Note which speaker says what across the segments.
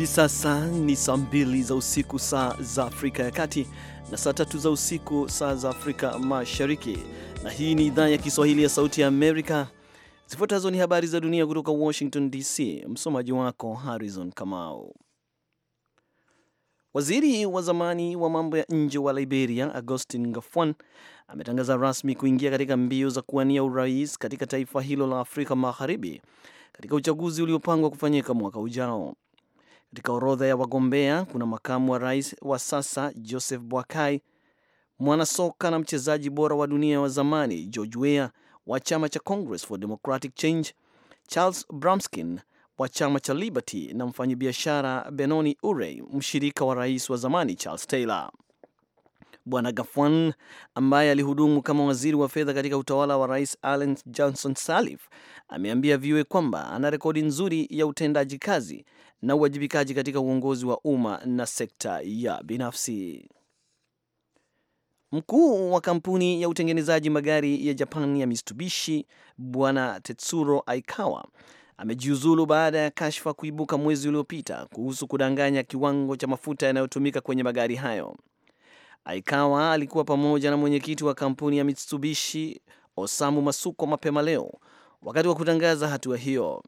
Speaker 1: hivi sasa ni saa mbili za usiku saa za Afrika ya Kati na saa tatu za usiku saa za Afrika Mashariki, na hii ni idhaa ya Kiswahili ya Sauti ya Amerika. Zifuatazo ni habari za dunia kutoka Washington DC. Msomaji wako Harrison Kamau. Waziri wa zamani wa mambo ya nje wa Liberia Augustin Gafuan, ametangaza rasmi kuingia katika mbio za kuwania urais katika taifa hilo la Afrika Magharibi katika uchaguzi uliopangwa kufanyika mwaka ujao. Katika orodha ya wagombea kuna makamu wa rais wa sasa Joseph Boakai, mwanasoka na mchezaji bora wa dunia wa zamani George Weah wa chama cha Congress for Democratic Change, Charles Bramskin wa chama cha Liberty na mfanyabiashara Benoni Urey, mshirika wa rais wa zamani Charles Taylor. Bwana Gafwan ambaye alihudumu kama waziri wa fedha katika utawala wa Rais Allen Johnson Sirleaf ameambia VOA kwamba ana rekodi nzuri ya utendaji kazi na uwajibikaji katika uongozi wa umma na sekta ya binafsi. Mkuu wa kampuni ya utengenezaji magari ya Japan ya Mitsubishi Bwana Tetsuro Aikawa amejiuzulu baada ya kashfa kuibuka mwezi uliopita kuhusu kudanganya kiwango cha mafuta yanayotumika kwenye magari hayo. Aikawa alikuwa pamoja na mwenyekiti wa kampuni ya Mitsubishi Osamu Masuko mapema leo wakati wa kutangaza hatua hiyo.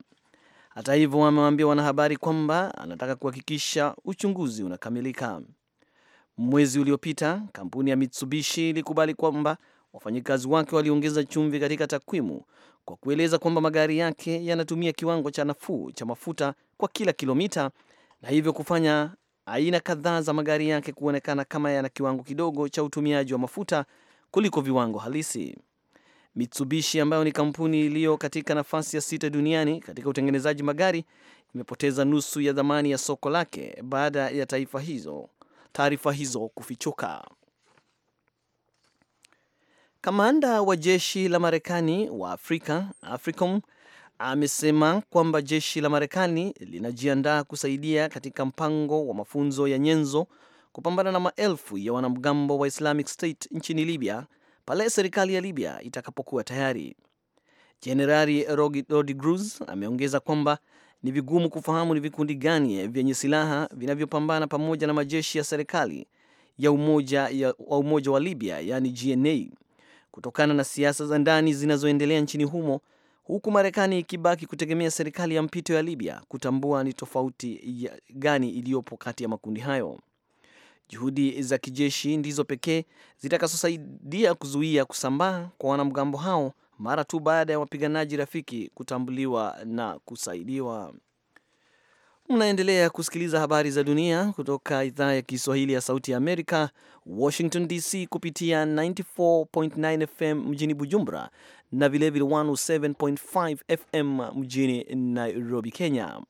Speaker 1: Hata hivyo, amewaambia wanahabari kwamba anataka kuhakikisha uchunguzi unakamilika. Mwezi uliopita kampuni ya Mitsubishi ilikubali kwamba wafanyikazi wake waliongeza chumvi katika takwimu kwa kueleza kwamba magari yake yanatumia kiwango cha nafuu cha mafuta kwa kila kilomita na hivyo kufanya aina kadhaa za magari yake kuonekana kama yana kiwango kidogo cha utumiaji wa mafuta kuliko viwango halisi. Mitsubishi ambayo ni kampuni iliyo katika nafasi ya sita duniani katika utengenezaji magari imepoteza nusu ya thamani ya soko lake baada ya taifa hizo taarifa hizo kufichuka. Kamanda wa jeshi la Marekani wa Afrika AFRICOM amesema kwamba jeshi la Marekani linajiandaa kusaidia katika mpango wa mafunzo ya nyenzo kupambana na maelfu ya wanamgambo wa Islamic State nchini Libya pale serikali ya Libya itakapokuwa tayari. Jenerali Rodi Grus ameongeza kwamba ni vigumu kufahamu ni vikundi gani vyenye silaha vinavyopambana pamoja na majeshi ya serikali ya umoja, ya, wa umoja wa Libya yani GNA kutokana na siasa za ndani zinazoendelea nchini humo huku Marekani ikibaki kutegemea serikali ya mpito ya Libya kutambua ni tofauti gani iliyopo kati ya makundi hayo. Juhudi za kijeshi ndizo pekee zitakazosaidia kuzuia kusambaa kwa wanamgambo hao mara tu baada ya wapiganaji rafiki kutambuliwa na kusaidiwa. Mnaendelea kusikiliza habari za dunia kutoka idhaa ya Kiswahili ya Sauti ya Amerika, Washington DC, kupitia 94.9 FM mjini Bujumbura na vilevile 107.5 FM mjini Nairobi, Kenya.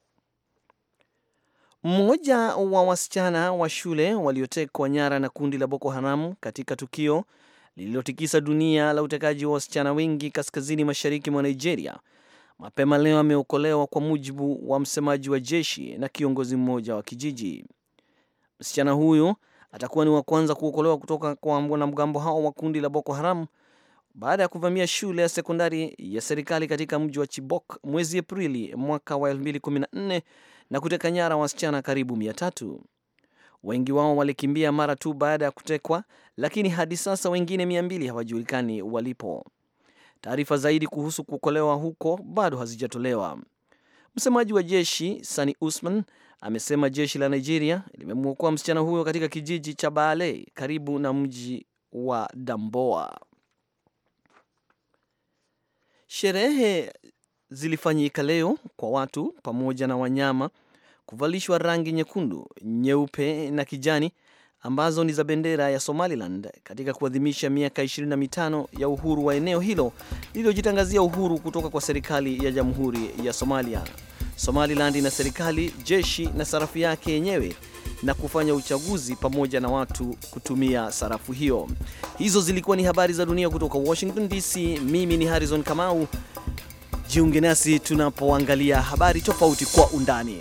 Speaker 1: Mmoja wa wasichana wa shule waliotekwa nyara na kundi la Boko Haramu katika tukio lililotikisa dunia la utekaji wa wasichana wengi kaskazini mashariki mwa Nigeria mapema leo ameokolewa kwa mujibu wa msemaji wa jeshi na kiongozi mmoja wa kijiji. Msichana huyo atakuwa ni wa kwanza kuokolewa kutoka kwa wanamgambo hao wa kundi la Boko Haram baada ya kuvamia shule ya sekondari ya serikali katika mji wa Chibok mwezi Aprili mwaka wa 2014 na kuteka nyara wasichana karibu 3 Wengi wao walikimbia mara tu baada ya kutekwa, lakini hadi sasa wengine 200 hawajulikani walipo. Taarifa zaidi kuhusu kuokolewa huko bado hazijatolewa. Msemaji wa jeshi Sani Usman amesema jeshi la Nigeria limemwokoa msichana huyo katika kijiji cha Baale karibu na mji wa Damboa. Sherehe zilifanyika leo kwa watu pamoja na wanyama kuvalishwa rangi nyekundu, nyeupe na kijani ambazo ni za bendera ya Somaliland katika kuadhimisha miaka 25 ya uhuru wa eneo hilo lililojitangazia uhuru kutoka kwa serikali ya Jamhuri ya Somalia. Somaliland ina serikali, jeshi na sarafu yake yenyewe na kufanya uchaguzi pamoja na watu kutumia sarafu hiyo. Hizo zilikuwa ni habari za dunia kutoka Washington DC. Mimi ni Harrison Kamau. Jiunge nasi tunapoangalia habari tofauti kwa undani.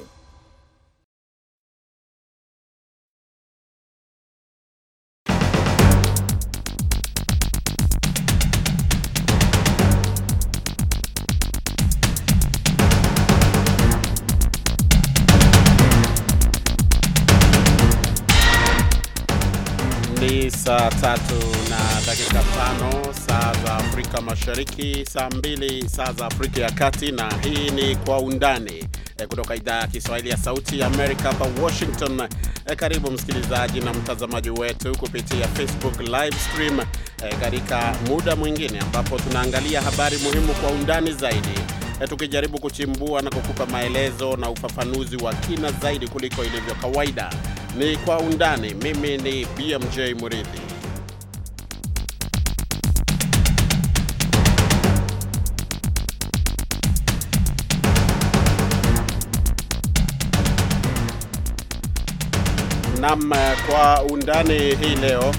Speaker 2: saa tatu na dakika tano saa za Afrika Mashariki, saa mbili saa za Afrika ya Kati, na hii ni Kwa Undani eh, kutoka idhaa ya Kiswahili ya Sauti ya Amerika hapa Washington. Eh, karibu msikilizaji na mtazamaji wetu kupitia Facebook live stream eh, katika muda mwingine ambapo tunaangalia habari muhimu kwa undani zaidi, tukijaribu kuchimbua na kukupa maelezo na ufafanuzi wa kina zaidi kuliko ilivyo kawaida. Ni Kwa Undani. Mimi ni BMJ Muridhi. Nam kwa undani hii leo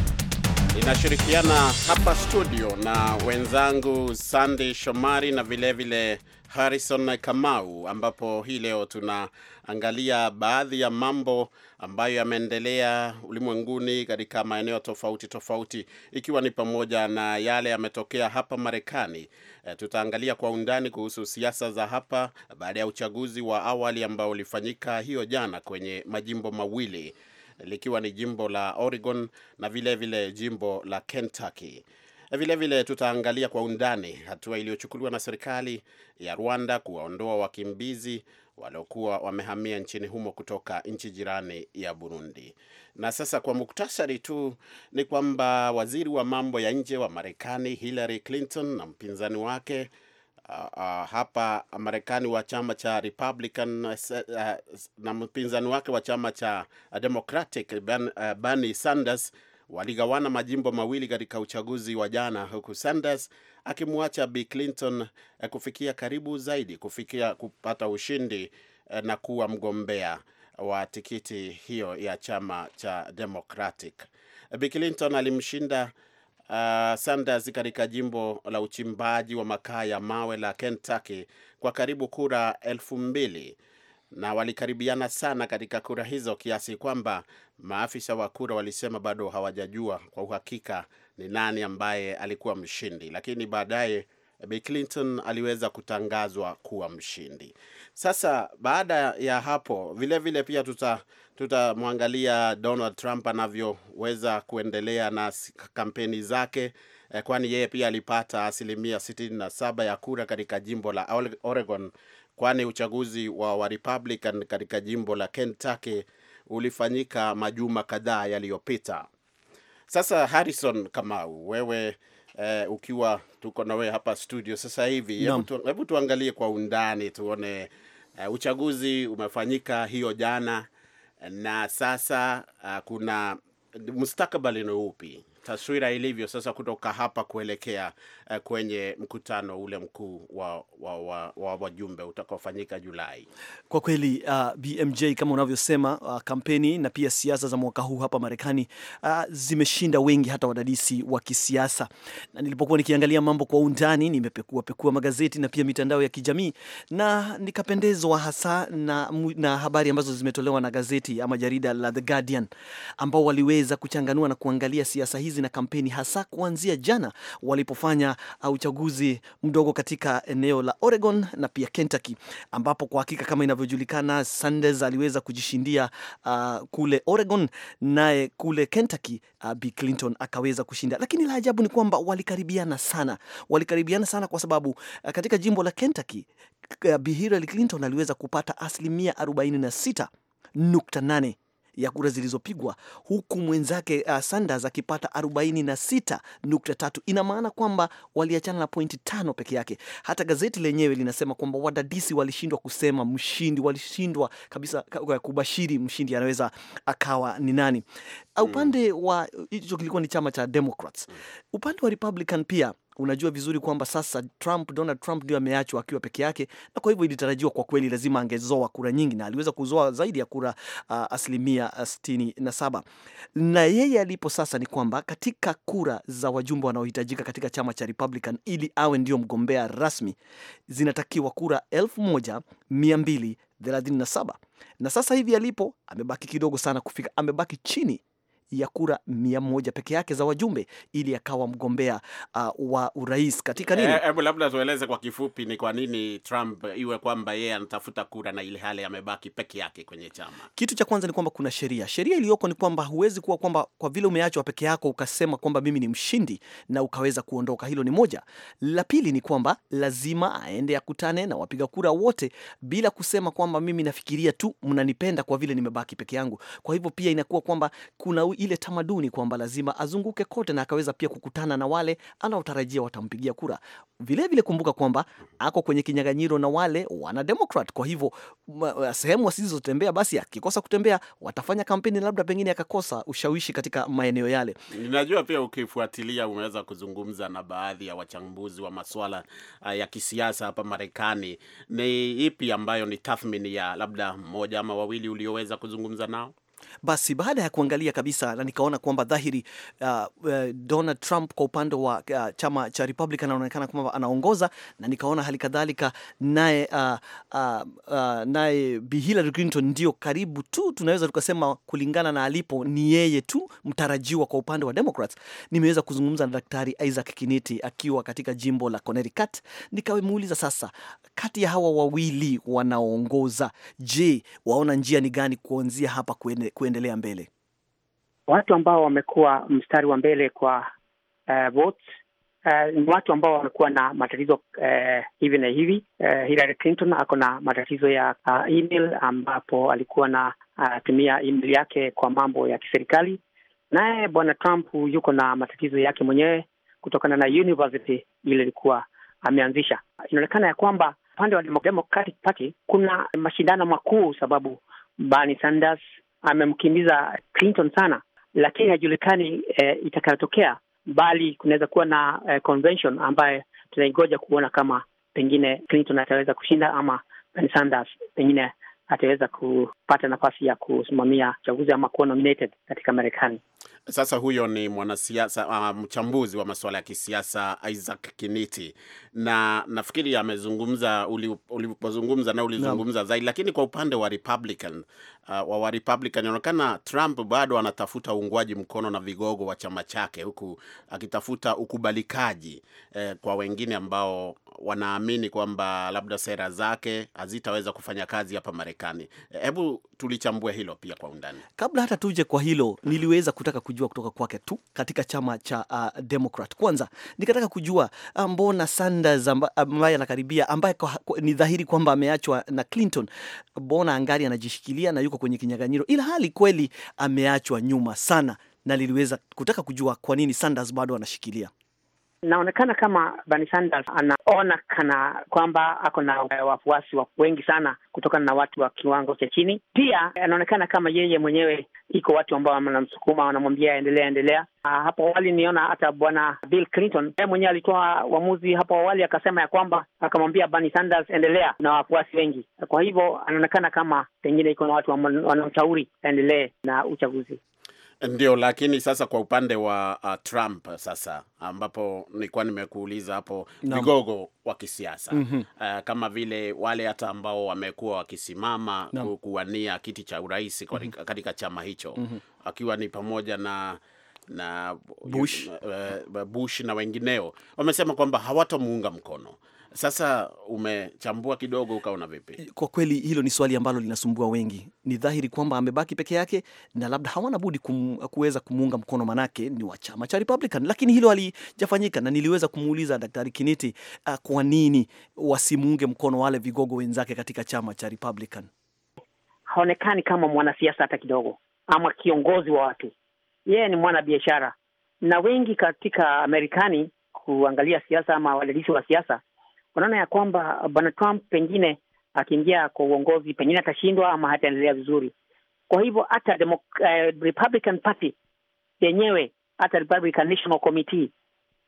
Speaker 2: inashirikiana hapa studio na wenzangu Sandy Shomari na vilevile vile Harrison Kamau, ambapo hii leo tunaangalia baadhi ya mambo ambayo yameendelea ulimwenguni katika maeneo tofauti tofauti, ikiwa ni pamoja na yale yametokea hapa Marekani. E, tutaangalia kwa undani kuhusu siasa za hapa baada ya uchaguzi wa awali ambao ulifanyika hiyo jana kwenye majimbo mawili likiwa ni jimbo la Oregon na vilevile vile jimbo la Kentucky. Vilevile tutaangalia kwa undani hatua iliyochukuliwa na serikali ya Rwanda kuwaondoa wakimbizi waliokuwa wamehamia nchini humo kutoka nchi jirani ya Burundi. Na sasa kwa muktasari tu ni kwamba waziri wa mambo ya nje wa Marekani Hillary Clinton na mpinzani wake Uh, uh, hapa Marekani wa chama cha Republican uh, na mpinzani wake wa chama cha eh, Democratic ben, uh, Bernie Sanders waligawana majimbo mawili katika uchaguzi wa jana, huku Sanders akimwacha Bi Clinton uh, kufikia karibu zaidi kufikia kupata ushindi uh, na kuwa mgombea wa tikiti hiyo ya chama cha Democratic. Bi Clinton alimshinda uh, Sanders katika jimbo la uchimbaji wa makaa ya mawe la Kentucky kwa karibu kura elfu mbili na walikaribiana sana katika kura hizo kiasi kwamba maafisa wa kura walisema bado hawajajua kwa uhakika ni nani ambaye alikuwa mshindi, lakini baadaye Bi Clinton aliweza kutangazwa kuwa mshindi. Sasa baada ya hapo vilevile vile pia tuta tutamwangalia Donald Trump anavyoweza kuendelea na kampeni zake eh, kwani yeye pia alipata asilimia 67 ya kura katika jimbo la Oregon, kwani uchaguzi wa Warepublican katika jimbo la Kentucky ulifanyika majuma kadhaa yaliyopita. Sasa Harrison Kamau, wewe eh, ukiwa tuko na wewe hapa studio sasa hivi, hebu no. tuangalie kwa undani tuone eh, uchaguzi umefanyika hiyo jana na sasa uh, kuna mustakabali ni upi, taswira ilivyo sasa kutoka hapa kuelekea Eh, kwenye mkutano ule mkuu wa, wa, wa, wa wajumbe utakaofanyika Julai. Kwa kweli uh,
Speaker 1: ah, BMJ kama unavyosema uh, kampeni na pia siasa za mwaka huu hapa Marekani uh, zimeshinda wengi hata wadadisi wa kisiasa, na nilipokuwa nikiangalia mambo kwa undani, nimepekua pekua magazeti na pia mitandao ya kijamii na nikapendezwa hasa na, na habari ambazo zimetolewa na gazeti ama jarida la The Guardian ambao waliweza kuchanganua na kuangalia siasa hizi na kampeni hasa kuanzia jana walipofanya uchaguzi mdogo katika eneo la Oregon na pia Kentucky, ambapo kwa hakika kama inavyojulikana Sanders aliweza kujishindia uh, kule Oregon, naye kule Kentucky uh, Bill Clinton akaweza kushinda. Lakini la ajabu ni kwamba walikaribiana sana, walikaribiana sana kwa sababu uh, katika jimbo la Kentucky uh, Hillary Clinton aliweza kupata asilimia 46 nukta nane ya kura zilizopigwa huku mwenzake uh, Sanders akipata 46.3. Ina maana kwamba waliachana na pointi tano peke yake. Hata gazeti lenyewe linasema kwamba wadadisi walishindwa kusema mshindi, walishindwa kabisa kubashiri mshindi anaweza akawa ni nani. Uh, upande mm. wa hicho kilikuwa ni chama cha Democrats. Mm. Upande wa Republican pia unajua vizuri kwamba sasa Trump, Donald Trump ndio ameachwa akiwa peke yake, na kwa hivyo ilitarajiwa kwa kweli lazima angezoa kura nyingi, na aliweza kuzoa zaidi ya kura uh, asilimia 67. Na yeye alipo sasa ni kwamba katika kura za wajumbe wanaohitajika katika chama cha Republican ili awe ndio mgombea rasmi zinatakiwa kura saba na sasa hivi alipo amebaki kidogo sana kufika, amebaki chini ya kura mia moja peke yake za wajumbe ili akawa mgombea uh, wa urais katika nini. Eh, hebu
Speaker 2: e, labda tueleze kwa kifupi ni kwa nini Trump iwe kwamba yeye anatafuta kura na ile hali amebaki peke yake kwenye chama.
Speaker 1: Kitu cha kwanza ni kwamba kuna sheria, sheria iliyoko ni kwamba huwezi kuwa kwamba kwa vile umeachwa peke yako ukasema kwamba mimi ni mshindi na ukaweza kuondoka. Hilo ni moja. La pili ni kwamba lazima aende akutane na wapiga kura wote bila kusema kwamba mimi nafikiria tu mnanipenda kwa vile nimebaki peke yangu. Kwa hivyo pia inakuwa kwamba kuna ile tamaduni kwamba lazima azunguke kote na akaweza pia kukutana na wale anaotarajia watampigia kura. Vilevile vile kumbuka kwamba ako kwenye kinyang'anyiro na wale wana Democrat. Kwa hivyo eh, sehemu asizotembea, basi akikosa kutembea watafanya kampeni, labda pengine akakosa ushawishi katika maeneo yale.
Speaker 2: Ninajua pia ukifuatilia, umeweza kuzungumza na baadhi ya wachambuzi wa maswala eh, ya kisiasa hapa Marekani. Ni ipi ambayo ni tathmini ya labda mmoja ama wawili ulioweza kuzungumza nao?
Speaker 1: Basi baada ya kuangalia kabisa na nikaona kwamba dhahiri uh, uh, Donald Trump kwa upande wa uh, chama cha Republican anaonekana kwamba anaongoza, na nikaona hali kadhalika naye uh, uh, uh, naye Bi Hillary Clinton ndio karibu tu, tunaweza tukasema kulingana na alipo ni yeye tu mtarajiwa kwa upande wa Democrats. Nimeweza kuzungumza na Daktari Isaac Kiniti akiwa katika jimbo la Connecticut, nikamuuliza sasa, kati ya hawa wawili wanaoongoza, je, waona njia ni gani kuanzia hapa kuende kuendelea mbele?
Speaker 3: Watu ambao wamekuwa mstari wa mbele kwa uh, votes eh, ni uh, watu ambao wamekuwa na matatizo uh, hivi na hivi. Uh, Hillary Clinton ako na matatizo ya uh, email ambapo alikuwa na anatumia uh, email yake kwa mambo ya kiserikali. Naye bwana Trump yuko na matatizo yake mwenyewe kutokana na university ile ilikuwa ameanzisha. Inaonekana ya kwamba upande wa Democratic Party kuna mashindano makuu, sababu Bernie Sanders amemkimbiza Clinton sana, lakini hajulikani eh, itakayotokea, bali kunaweza kuwa na eh, convention ambaye tunaingoja kuona kama pengine Clinton ataweza kushinda ama Bernie Sanders pengine ataweza kupata nafasi ya kusimamia uchaguzi ama kuwa nominated katika Marekani.
Speaker 2: Sasa huyo ni mwanasiasa uh, mchambuzi wa masuala ya kisiasa Isaac Kiniti, na nafikiri amezungumza ulipozungumza na ulizungumza no. zaidi, lakini kwa upande wa Republican uh, wa Republican inaonekana Trump bado anatafuta uungwaji mkono na vigogo wa chama chake, huku akitafuta ukubalikaji eh, kwa wengine ambao wanaamini kwamba labda sera zake hazitaweza kufanya kazi hapa Marekani. Hebu tulichambue hilo pia kwa undani.
Speaker 1: Kabla hata tuje kwa hilo, niliweza kutaka kujua kutoka kwake tu katika chama cha uh, Democrat. Kwanza nikataka kujua uh, mbona Sanders ambaye anakaribia, ambaye ni dhahiri kwamba ameachwa na Clinton, mbona angali anajishikilia na yuko kwenye kinyang'anyiro, ila hali kweli ameachwa nyuma sana, na niliweza kutaka kujua kwa nini Sanders bado anashikilia.
Speaker 3: Inaonekana kama Bernie Sanders anaona kana kwamba ako na eh, wafuasi wengi sana kutokana na watu wa kiwango cha chini. Pia anaonekana kama yeye mwenyewe iko watu ambao wanamsukuma, wanamwambia endelea, endelea. Uh, ah, hapo awali niona hata bwana Bill Clinton yeye mwenyewe alitoa uamuzi hapo awali, akasema ya kwamba akamwambia Bernie Sanders endelea na wafuasi wengi. Kwa hivyo anaonekana kama pengine iko na watu wanamshauri aendelee na uchaguzi.
Speaker 2: Ndio, lakini sasa kwa upande wa uh, Trump sasa, ambapo nilikuwa nimekuuliza hapo vigogo wa kisiasa mm -hmm. uh, kama vile wale hata ambao wamekuwa wakisimama kuwania kiti cha urais mm -hmm. katika chama hicho mm -hmm. akiwa ni pamoja na na Bush. Uh, Bush na wengineo wamesema kwamba hawatamuunga mkono sasa umechambua kidogo, ukaona vipi?
Speaker 1: Kwa kweli hilo ni swali ambalo linasumbua wengi. Ni dhahiri kwamba amebaki peke yake na labda hawana budi kuweza kumuunga mkono, manake ni wa chama cha Republican, lakini hilo halijafanyika, na niliweza kumuuliza Daktari Kiniti uh, kwa nini wasimuunge mkono wale vigogo wenzake katika chama cha Republican.
Speaker 3: Haonekani kama mwanasiasa hata kidogo, ama kiongozi wa watu. Yeye ni mwanabiashara, na wengi katika Amerikani kuangalia siasa ama wadadisi wa siasa wanaona ya kwamba bwana Trump pengine akiingia kwa uongozi, pengine atashindwa ama hataendelea vizuri. Kwa hivyo hata uh, Republican Party yenyewe, hata Republican National Committee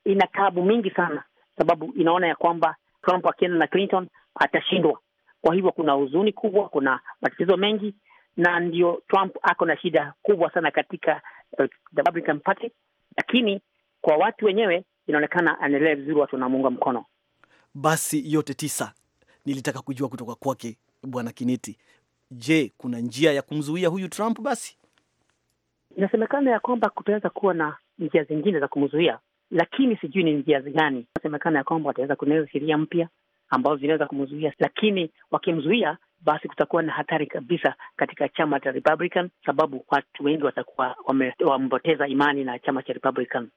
Speaker 3: ina taabu mingi sana, sababu inaona ya kwamba Trump akienda na Clinton atashindwa. Kwa hivyo kuna huzuni kubwa, kuna matatizo mengi, na ndio Trump ako na shida kubwa sana katika uh, Republican Party, lakini kwa watu wenyewe inaonekana anaendelea vizuri, watu wanamuunga mkono
Speaker 1: basi yote tisa nilitaka kujua kutoka kwake Bwana Kiniti. Je, kuna njia ya kumzuia huyu Trump? Basi
Speaker 3: inasemekana ya kwamba kutaweza kuwa na njia zingine za kumzuia, lakini sijui ni njia gani. Inasemekana ya kwamba wataweza kunaweza sheria mpya ambazo zinaweza kumzuia, lakini wakimzuia, basi kutakuwa na hatari kabisa katika chama cha Republican, sababu watu wengi watakuwa wamepoteza imani na chama cha Republican.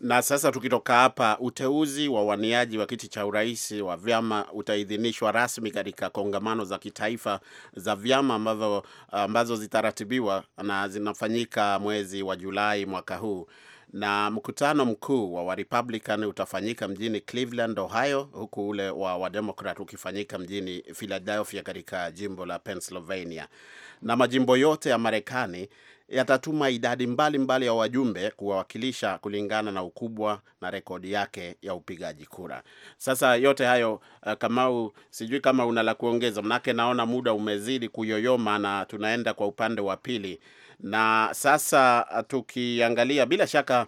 Speaker 2: Na sasa tukitoka hapa, uteuzi wa waniaji wa kiti cha urais wa vyama utaidhinishwa rasmi katika kongamano za kitaifa za vyama ambazo, ambazo zitaratibiwa na zinafanyika mwezi wa Julai mwaka huu na mkutano mkuu wa Warepublican utafanyika mjini Cleveland, Ohio, huku ule wa Wademokrat ukifanyika mjini Philadelphia katika jimbo la Pennsylvania. Na majimbo yote ya Marekani yatatuma idadi mbalimbali mbali ya wajumbe kuwawakilisha kulingana na ukubwa na rekodi yake ya upigaji kura. Sasa yote hayo uh, Kamau, sijui kama una la kuongeza, manake naona muda umezidi kuyoyoma na tunaenda kwa upande wa pili, na sasa eh, tukiangalia, bila shaka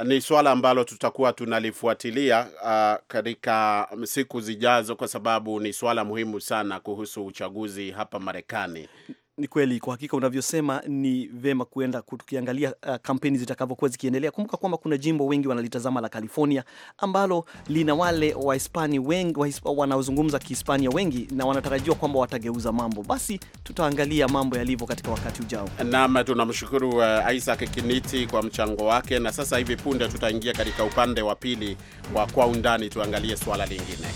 Speaker 2: eh, ni swala ambalo tutakuwa tunalifuatilia uh, katika siku zijazo, kwa sababu ni swala muhimu sana kuhusu uchaguzi hapa Marekani.
Speaker 1: Ni kweli kwa hakika unavyosema, ni vema kuenda tukiangalia uh, kampeni zitakavyokuwa zikiendelea. Kumbuka kwamba kuna jimbo wengi wanalitazama la California ambalo lina wale Wahispania wengi wanaozungumza Kihispania wengi na wanatarajiwa kwamba watageuza mambo. Basi tutaangalia mambo yalivyo katika wakati ujao.
Speaker 2: Naam, tunamshukuru uh, Isaac Kiniti kwa mchango wake, na sasa hivi punde tutaingia katika upande wa pili wa kwa undani, tuangalie swala lingine.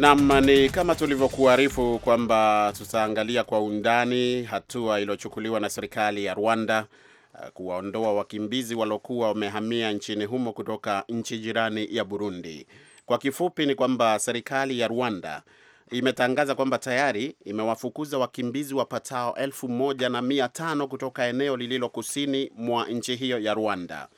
Speaker 2: Nam, ni kama tulivyokuarifu kwamba tutaangalia kwa undani hatua iliyochukuliwa na serikali ya Rwanda uh, kuwaondoa wakimbizi waliokuwa wamehamia nchini humo kutoka nchi jirani ya Burundi. Kwa kifupi ni kwamba serikali ya Rwanda imetangaza kwamba tayari imewafukuza wakimbizi wapatao elfu moja na mia tano kutoka eneo lililo kusini mwa nchi hiyo ya Rwanda.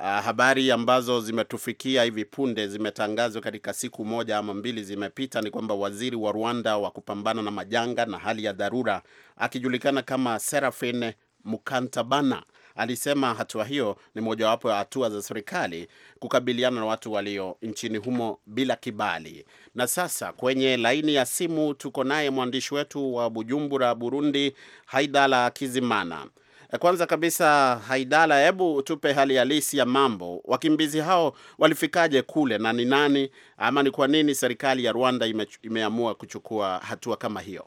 Speaker 2: Uh, habari ambazo zimetufikia hivi punde zimetangazwa katika siku moja ama mbili zimepita, ni kwamba waziri wa Rwanda wa kupambana na majanga na hali ya dharura akijulikana kama Serafine Mukantabana alisema hatua hiyo ni mojawapo ya hatua za serikali kukabiliana na watu walio nchini humo bila kibali. Na sasa kwenye laini ya simu tuko naye mwandishi wetu wa Bujumbura, Burundi, Haidala Kizimana. Eh, kwanza kabisa, Haidala, hebu tupe hali halisi ya mambo. Wakimbizi hao walifikaje kule na ni nani ama ni kwa nini serikali ya Rwanda ime, imeamua kuchukua hatua kama hiyo?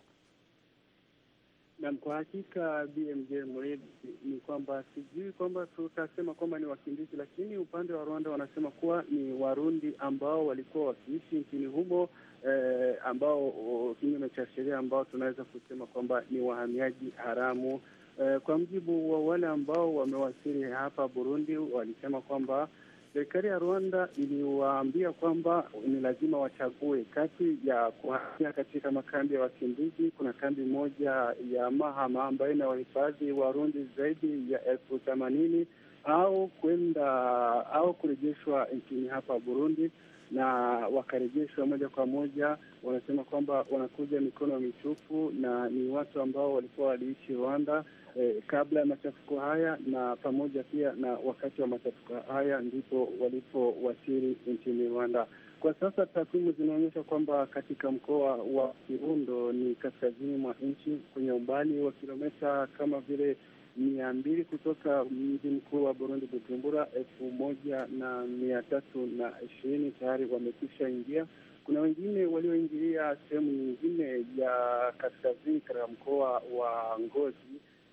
Speaker 4: Naam, kwa hakika BMJ Mredi, ni kwamba sijui kwamba tutasema kwamba ni wakimbizi, lakini upande wa Rwanda wanasema kuwa ni Warundi ambao walikuwa wakiishi nchini humo eh, ambao oh, kinyume cha sheria ambao tunaweza kusema kwamba ni wahamiaji haramu E, kwa mjibu wa wale ambao wamewasili hapa Burundi walisema kwamba serikali ya Rwanda iliwaambia kwamba ni lazima wachague kati ya kuhamia katika makambi ya wakimbizi. Kuna kambi moja ya Mahama ambayo ina wahifadhi Warundi zaidi ya elfu themanini au kwenda au kurejeshwa nchini hapa Burundi, na wakarejeshwa moja kwa moja. Wanasema kwamba wanakuja mikono michufu na ni watu ambao walikuwa waliishi Rwanda eh, kabla ya machafuko haya na pamoja pia na wakati wa machafuko haya ndipo walipowasili nchini Rwanda. Kwa sasa takwimu zinaonyesha kwamba katika mkoa wa Kirundo ni kaskazini mwa nchi kwenye umbali wa kilometa kama vile mia mbili kutoka mji mkuu wa Burundi, Bujumbura, elfu moja na mia tatu na ishirini tayari wamekwisha ingia. Kuna wengine walioingilia sehemu nyingine ya kaskazini katika mkoa wa Ngozi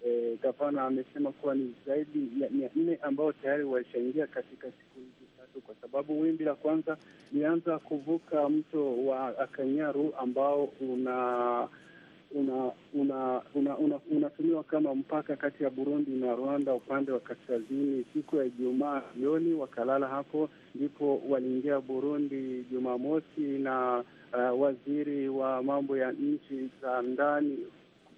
Speaker 4: Eh, gavana amesema kuwa ni zaidi ya mia nne ambao tayari walishaingia katika siku hizi tatu, kwa sababu wimbi la kwanza lianza kuvuka mto wa Akanyaru ambao una unatumiwa una, una, una, una kama mpaka kati ya Burundi na Rwanda upande wa kaskazini. Siku ya Ijumaa jioni wakalala hapo, ndipo waliingia Burundi Jumamosi, na uh, waziri wa mambo ya nchi za ndani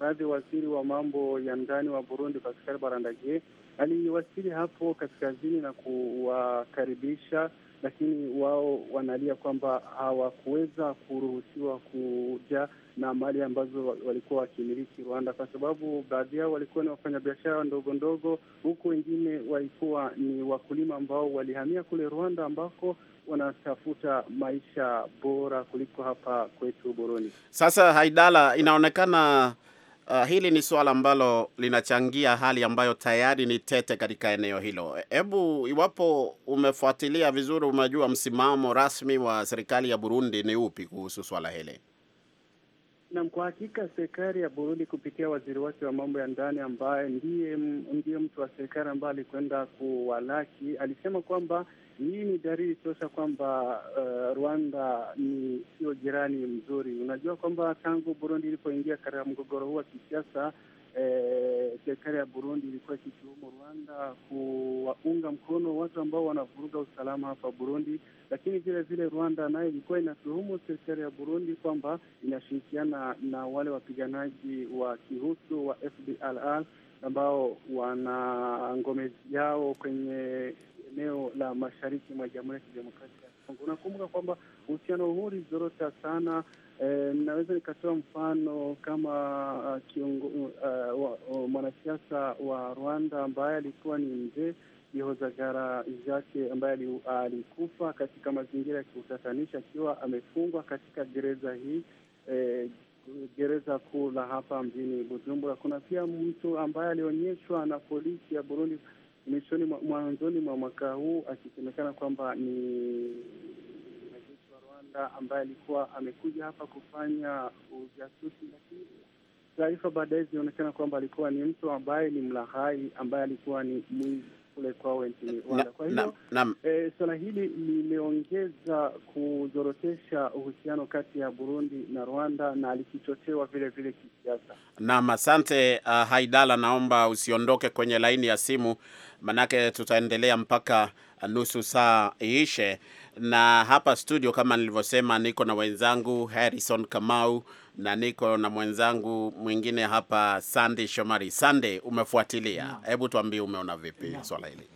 Speaker 4: baadhi waziri wa mambo ya ndani wa Burundi Pascal Barandagie aliwasili hapo kaskazini na kuwakaribisha, lakini wao wanalia kwamba hawakuweza kuruhusiwa kuja na mali ambazo walikuwa wakimiliki Rwanda, kwa sababu baadhi yao walikuwa ni wafanyabiashara ndogo ndogo, huku wengine walikuwa ni wakulima ambao walihamia kule Rwanda ambako wanatafuta maisha bora kuliko hapa kwetu Burundi.
Speaker 2: Sasa Haidala, inaonekana Uh, hili ni suala ambalo linachangia hali ambayo tayari ni tete katika eneo hilo. Hebu, iwapo umefuatilia vizuri, umejua msimamo rasmi wa serikali ya Burundi ni upi kuhusu swala hili?
Speaker 4: Naam, kwa hakika serikali ya Burundi kupitia waziri wake wa mambo ya ndani ambaye ndiye ndiye mtu wa serikali ambaye alikwenda kuwalaki alisema kwamba hii ni dalili tosha kwamba uh, Rwanda ni sio jirani mzuri. Unajua kwamba tangu Burundi ilipoingia katika mgogoro huu wa kisiasa eh, serikali ya Burundi ilikuwa ikituhumu Rwanda kuwaunga mkono watu ambao wanavuruga usalama hapa Burundi, lakini vile vile Rwanda nayo ilikuwa inatuhumu serikali ya Burundi kwamba inashirikiana na wale wapiganaji wa kihutu wa FDLR ambao wana ngome yao kwenye eneo la mashariki mwa Jamhuri ya Kidemokrasia ya Kongo. Unakumbuka kwamba uhusiano huu ulizorota sana. E, naweza nikatoa mfano kama uh, mwanasiasa uh, wa Rwanda ambaye alikuwa ni mzee Ihozagara Jacques ambaye alikufa katika mazingira ya kiutatanishi akiwa amefungwa katika gereza hii e, gereza kuu la hapa mjini Bujumbura. Kuna pia mtu ambaye alionyeshwa na polisi ya Burundi mwishoni mwanzoni mwa mwaka huu akisemekana kwamba ni mwanajeshi wa Rwanda ambaye alikuwa amekuja hapa kufanya ujasusi, lakini taarifa baadaye zinaonekana kwamba alikuwa ni mtu ambaye ni mlahai, ambaye alikuwa ni mwizi kule kwao nchini Rwanda. Kwa hiyo eh, eh suala hili limeongeza kuzorotesha uhusiano kati ya Burundi na Rwanda na likichochewa vile vile
Speaker 2: kisiasa. Naam, asante uh, Haidala, naomba usiondoke kwenye laini ya simu, manake tutaendelea mpaka nusu saa iishe, na hapa studio, kama nilivyosema, niko na wenzangu Harrison Kamau na niko na mwenzangu mwingine hapa Sandy Shomari. sande umefuatilia, hebu tuambie umeona vipi swala hili?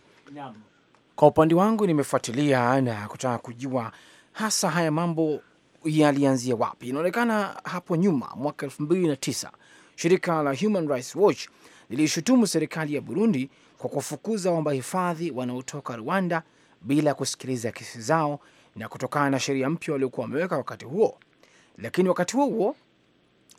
Speaker 5: Kwa upande wangu nimefuatilia na kutaka kujua hasa haya mambo yalianzia wapi. Inaonekana hapo nyuma, mwaka elfu mbili na tisa shirika la Human Rights Watch lilishutumu serikali ya Burundi kwa kufukuza waomba hifadhi wanaotoka Rwanda bila kusikiliza kesi zao na kutokana na sheria mpya waliokuwa wameweka wakati huo. Lakini wakati huo huo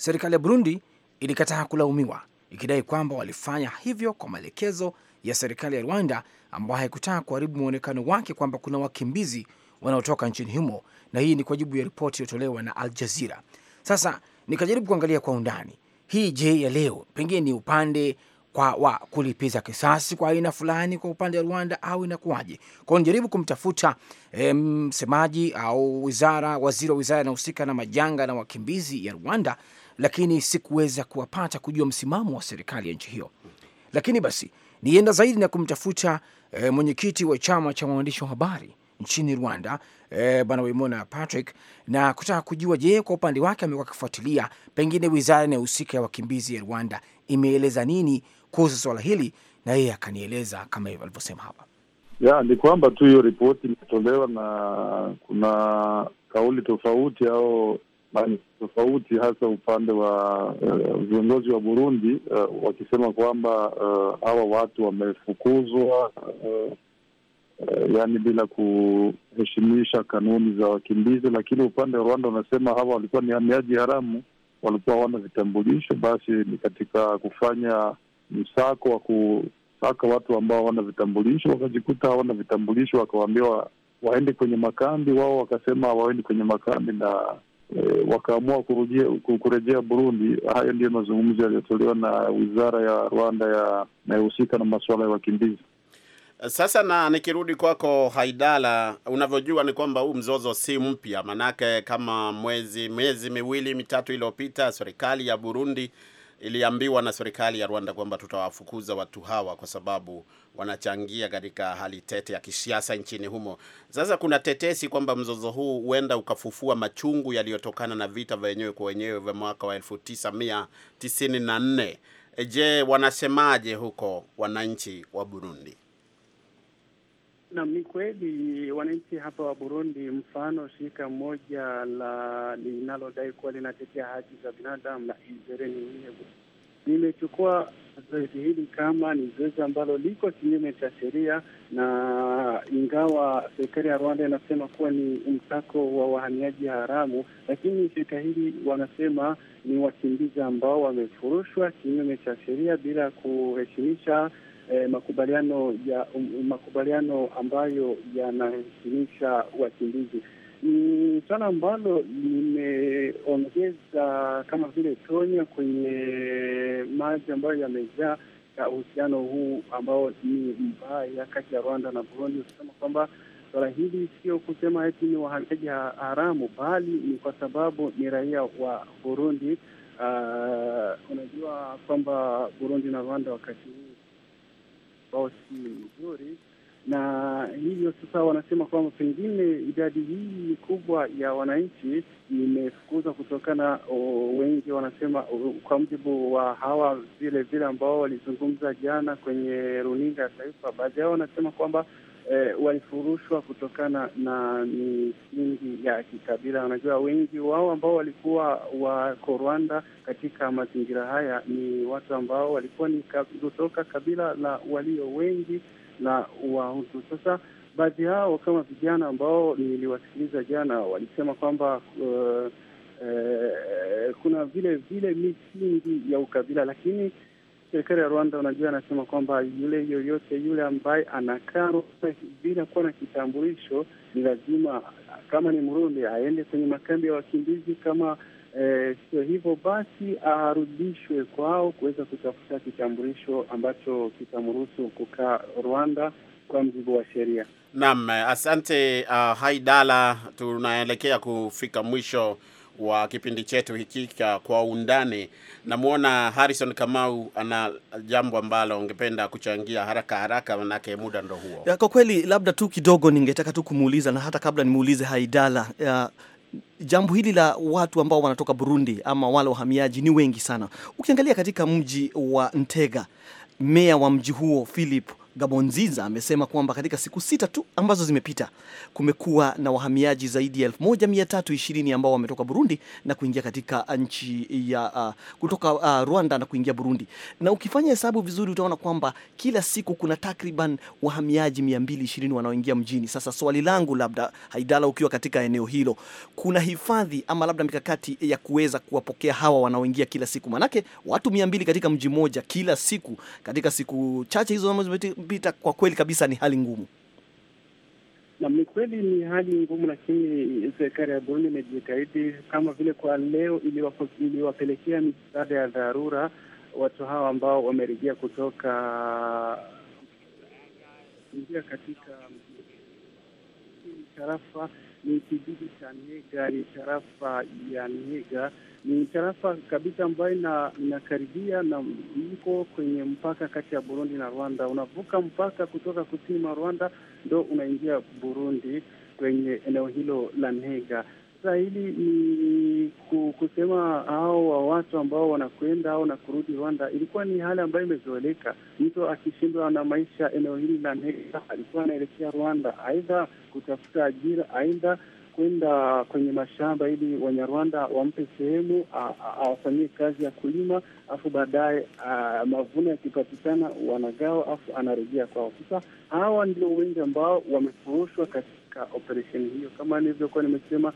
Speaker 5: Serikali ya Burundi ilikataa kulaumiwa ikidai kwamba walifanya hivyo kwa maelekezo ya serikali ya Rwanda ambayo haikutaka kuharibu mwonekano wake kwamba kuna wakimbizi wanaotoka nchini humo, na hii ni kwa jibu ya ripoti iliyotolewa na Al Jazeera. Sasa nikajaribu kuangalia kwa undani hii je ya leo pengine ni upande kwa wa kulipiza kisasi kwa aina fulani kwa upande wa Rwanda au inakuwaje? Kwao nijaribu kumtafuta eh, msemaji au wizara, waziri wa wizara inahusika na majanga na wakimbizi ya Rwanda lakini sikuweza kuwapata kujua msimamo wa serikali ya nchi hiyo. Lakini basi nienda zaidi na kumtafuta e, mwenyekiti wa chama cha waandishi wa habari nchini Rwanda e, bwana Wimona Patrick na kutaka kujua, je, kwa upande wake amekuwa akifuatilia pengine wizara inayohusika ya wakimbizi ya Rwanda imeeleza nini kuhusu swala hili, na yeye akanieleza kama hivyo alivyosema hapa.
Speaker 4: Ya, ni kwamba tu hiyo ripoti imetolewa na kuna kauli tofauti au tofauti, hasa upande wa eh, viongozi wa Burundi uh, wakisema kwamba eh, hawa uh, watu wamefukuzwa uh, uh, yani bila kuheshimisha kanuni za wakimbizi, lakini upande wa Rwanda wanasema hawa walikuwa ni hamiaji haramu, walikuwa hawana vitambulisho. Basi ni katika kufanya msako wa kusaka watu ambao hawana vitambulisho, wakajikuta hawana vitambulisho, wakawaambiwa waende kwenye makambi. Wao wakasema hawaendi kwenye makambi na eh, wakaamua kurejea Burundi. Hayo ndiyo mazungumzo yaliyotolewa na wizara ya Rwanda yanayohusika na masuala ya wakimbizi.
Speaker 2: Sasa na nikirudi kwako Haidala, unavyojua ni kwamba huu mzozo si mpya, manake kama mwezi miezi miwili mitatu iliyopita serikali ya Burundi iliambiwa na serikali ya Rwanda kwamba tutawafukuza watu hawa kwa sababu wanachangia katika hali tete ya kisiasa nchini humo. Sasa kuna tetesi kwamba mzozo huu huenda ukafufua machungu yaliyotokana na vita vya wenyewe kwa wenyewe vya mwaka wa 1994. Je, wanasemaje huko wananchi wa Burundi?
Speaker 4: Nam, ni kweli wananchi hapa wa Burundi, mfano shirika moja la linalodai kuwa linatetea haki za binadamu la Inzerenunyevu limechukua zoezi hili kama ni zoezi ambalo liko kinyume cha sheria, na ingawa serikali ya Rwanda inasema kuwa ni msako wa wahamiaji haramu, lakini shirika hili wanasema ni wakimbizi ambao wamefurushwa kinyume cha sheria bila kuheshimisha eh, makubaliano ya um, makubaliano ambayo yanaheshimisha wakimbizi ni swala ambalo limeongeza kama vile tonya kwenye maji ambayo yamejaa ya uhusiano huu ambao ni mbaya kati ya Rwanda na Burundi, ukisema kwamba swala hili sio kusema eti ni wahamiaji haramu, bali ni kwa sababu ni raia wa Burundi. Uh, unajua kwamba Burundi na Rwanda wakati huu ambao si mzuri, na hivyo sasa wanasema kwamba pengine idadi hii kubwa ya wananchi imefukuzwa kutokana, wengi wanasema kwa mujibu wa hawa vile vile ambao walizungumza jana kwenye runinga ya taifa, baadhi yao wanasema kwamba eh, walifurushwa kutokana na misingi ya kikabila. Unajua, wengi wao ambao walikuwa wako Rwanda katika mazingira haya ni watu ambao walikuwa ni kutoka kabila la walio wengi la Wahutu. Sasa baadhi yao kama vijana ambao niliwasikiliza jana walisema kwamba uh, uh, kuna vile vile misingi ya ukabila lakini serikali ya Rwanda unajua, anasema kwamba yule yoyote yule ambaye anakaa bila kuwa na kitambulisho ni lazima, kama ni Mrundi aende kwenye makambi ya wakimbizi, kama eh, sio hivyo basi arudishwe kwao kuweza kutafuta kitambulisho ambacho kitamruhusu kukaa Rwanda kwa mjibu wa sheria.
Speaker 2: Naam, asante uh, Haidala, tunaelekea kufika mwisho wa kipindi chetu hiki cha Kwa Undani. Namwona Harrison Kamau ana jambo ambalo ungependa kuchangia haraka haraka, manake muda ndo huo. Ya,
Speaker 1: kwa kweli labda tu kidogo ningetaka tu kumuuliza na hata kabla nimuulize Haidala ya jambo hili la watu ambao wanatoka Burundi ama wale wahamiaji ni wengi sana. Ukiangalia katika mji wa Ntega, meya wa mji huo Philip Gabonziza amesema kwamba katika siku sita tu ambazo zimepita kumekuwa na wahamiaji zaidi ya 1320 ambao wametoka Burundi na kuingia katika nchi ya uh, kutoka uh, Rwanda na kuingia Burundi, na ukifanya hesabu vizuri utaona kwamba kila siku kuna takriban wahamiaji 220 wanaoingia mjini. Sasa swali langu labda, Haidala, ukiwa katika eneo hilo, kuna hifadhi ama labda mikakati ya kuweza kuwapokea hawa wanaoingia kila siku? Manake watu 200 katika mji mmoja kila siku, katika siku chache hizo kupita kwa kweli kabisa ni hali ngumu.
Speaker 4: Na ni kweli ni hali ngumu, lakini serikali ya Burundi imejitahidi, kama vile kwa leo iliwapelekea misaada ya dharura watu hawa ambao wamerejea kutoka katika tarafa ni kijiji cha Nega, ni tarafa ya Nega, ni tarafa kabisa ambayo inakaribia na iko kwenye mpaka kati ya Burundi na Rwanda. Unavuka mpaka kutoka kusini mwa Rwanda ndo unaingia Burundi kwenye eneo hilo la Nega hili ni kusema hao wa watu ambao wanakwenda au na kurudi Rwanda, ilikuwa ni hali ambayo imezoeleka. Mtu akishindwa na maisha eneo hili la nea alikuwa anaelekea Rwanda, aidha kutafuta ajira, aidha kwenda kwenye mashamba ili Wanyarwanda wampe sehemu awafanyie kazi ya kulima, afu baadaye mavuno yakipatikana wanagawa, afu anarejea kwao. Sasa hawa ndio wengi ambao wamefurushwa katika operesheni hiyo, kama nilivyokuwa nimesema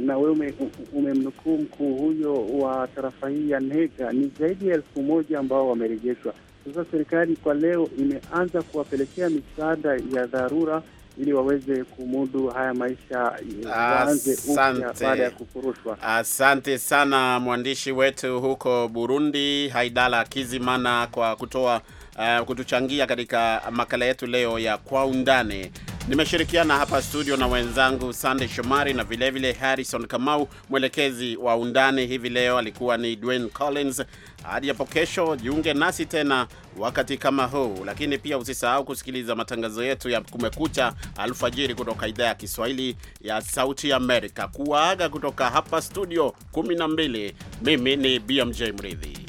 Speaker 4: na wewe umemnukuu mkuu huyo wa tarafa hii ya Nega, ni zaidi ya elfu moja ambao wamerejeshwa. Sasa serikali kwa leo imeanza kuwapelekea misaada ya dharura ili waweze kumudu haya maisha waanze upya baada ya kufurushwa.
Speaker 2: Asante sana mwandishi wetu huko Burundi, Haidala Kizimana, kwa kutoa uh, kutuchangia katika makala yetu leo ya kwa undani. Nimeshirikiana hapa studio na wenzangu Sande Shomari na vilevile Harrison Kamau. Mwelekezi wa undani hivi leo alikuwa ni Dwayne Collins. Hadi hapo kesho, jiunge nasi tena wakati kama huu, lakini pia usisahau kusikiliza matangazo yetu ya Kumekucha alfajiri kutoka idhaa ya Kiswahili ya Sauti Amerika. Kuwaaga kutoka hapa studio 12, mimi ni BMJ Mridhi.